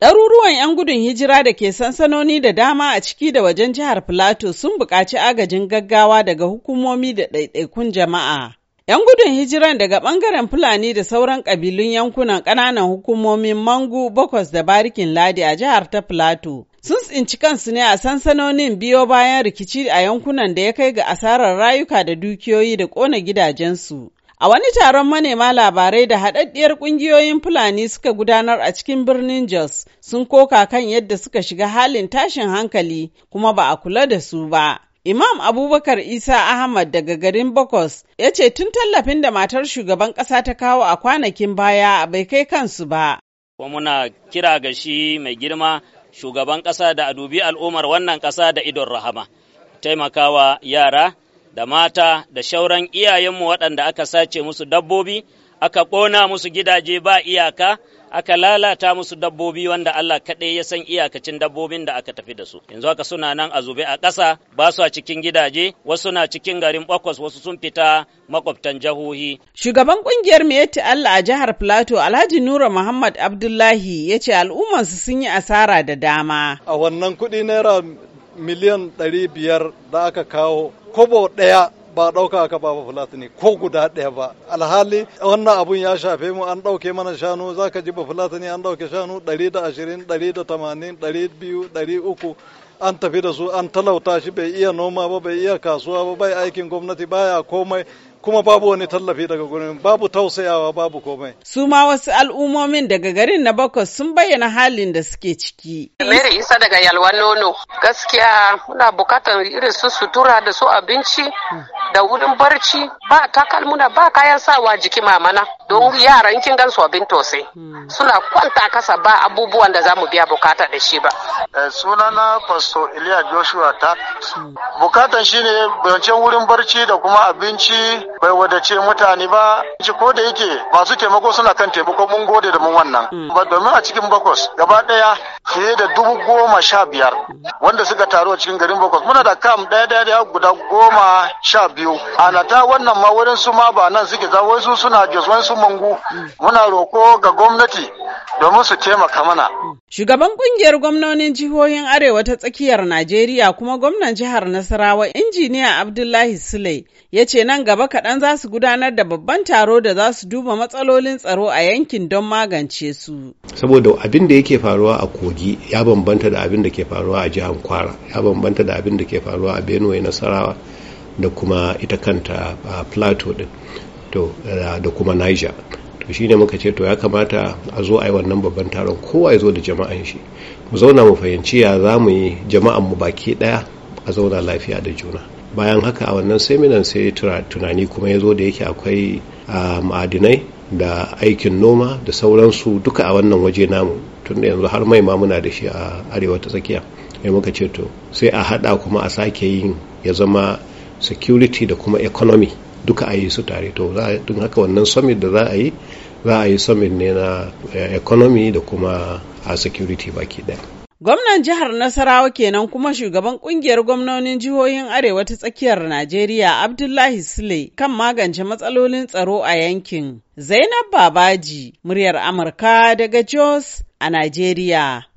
Ɗaruruwan 'yan gudun hijira da ke sansanoni da dama a ciki da wajen jihar Filato sun buƙaci agajin gaggawa daga hukumomi da ɗaiɗaikun jama'a. 'Yan gudun hijiran daga ɓangaren Fulani da sauran ƙabilun yankunan ƙananan hukumomin Mangu, Bokos da Barikin Ladi a jihar ta Filato sun tsinci kansu ne a sansanonin biyo bayan rikici a yankunan da ya kai ga asarar rayuka da dukiyoyi da ƙona gidajensu. A wani taron manema labarai da haɗaɗɗiyar ƙungiyoyin Fulani suka gudanar a cikin birnin Jos sun koka kan yadda suka shiga halin tashin hankali kuma ba a kula da su ba. Imam Abubakar Isa Ahmad daga garin Bokos ya ce tun tallafin da matar shugaban ƙasa ta kawo a kwanakin baya bai kai kansu ba. Kuma muna kira ga shi mai girma shugaban ƙasa da a dubi al'ummar wannan ƙasa da idon rahama. Taimakawa yara da mata da shauran iyayenmu waɗanda aka sace musu dabbobi, aka ƙona musu gidaje ba iyaka, aka lalata musu dabbobi wanda Allah kaɗai ya san iyakacin dabbobin da aka tafi da su. Yanzu haka suna nan a zube a ƙasa, ba su a cikin gidaje, wasu na cikin garin Bakwas, wasu sun fita makwabtan jahohi. Shugaban ƙungiyar Meti Allah a jihar Plateau, Alhaji Nura Muhammad Abdullahi ya ce al'ummarsu sun yi asara da dama. A wannan kuɗi naira miliyan ɗari biyar da aka kawo kobo ɗaya ba ɗauka ka ba bafulatani ko guda ɗaya ba alhali wannan abun ya shafe mu an ɗauke mana shanu za ka ji bafulatani an ɗauke shanu ɗari da ashirin ɗari da tamanin ɗari biyu ɗari uku an tafi da su an talauta shi bai iya noma ba bai iya kasuwa ba bai aikin gwamnati baya komai kuma babu wani tallafi daga gurin babu tausayawa babu komai. Su ma wasu al'ummomin daga garin na bakwas sun bayyana halin da suke ciki. Mary Isa daga Yalwa Nono gaskiya muna bukatar irin su sutura da su abinci da wurin barci ba takalmuna ba kayan sawa jiki mamana don hmm. yaran kin gan su abin tosai hmm. suna kwanta kasa ba abubuwan da za mu biya bukata da shi ba eh, sunana pastor Iliya Joshua ta hmm. bukatan shine bayancin wurin barci da kuma abinci bai wadace mutane ba ci ko da yake masu taimako suna kan taimako mun gode da mun wannan ba domin a cikin bakwas gaba daya fiye da dubu goma sha biyar wanda suka taru a cikin garin bakwas muna da kam daya daya guda goma sha biyu siyo anata wannan ma wurin su ma ba nan suke za wasu suna jos wasu mangu muna roko ga gwamnati domin su taimaka mana shugaban kungiyar gwamnonin jihohin arewa ta tsakiyar najeriya kuma gwamnan jihar nasarawa injiniya abdullahi sule ya ce nan gaba kaɗan za su gudanar da babban taro da za su duba matsalolin tsaro a yankin don magance su saboda abin da yake faruwa a kogi ya bambanta da abin da ke faruwa a jihar kwara ya bambanta da abin da ke faruwa a benue nasarawa da kuma ita kanta plateau din to da kuma niger to shine muka ce to ya kamata a zo a yi wannan babban taron kowa ya zo da jama'an shi mu zauna mu fahimci ya za mu yi jama'an mu baki daya a zauna lafiya da juna bayan haka a wannan seminar sai tunani kuma ya zo da yake akwai ma'adinai da aikin noma da sauransu duka a wannan waje namu tun da yanzu har mai ma muna da shi a arewa ta tsakiya sai muka ce to sai a hada kuma a sake yin ya zama security da kuma economy duka a yi su tare to don haka wannan summit da za a yi za a yi summit ne na eh, economy da kuma a security baki daya gwamnan jihar nasarawa kenan kuma shugaban kungiyar gwamnonin jihohin arewa ta tsakiyar najeriya abdullahi sule kan magance matsalolin tsaro a yankin zainab babaji muryar amurka daga jos a najeriya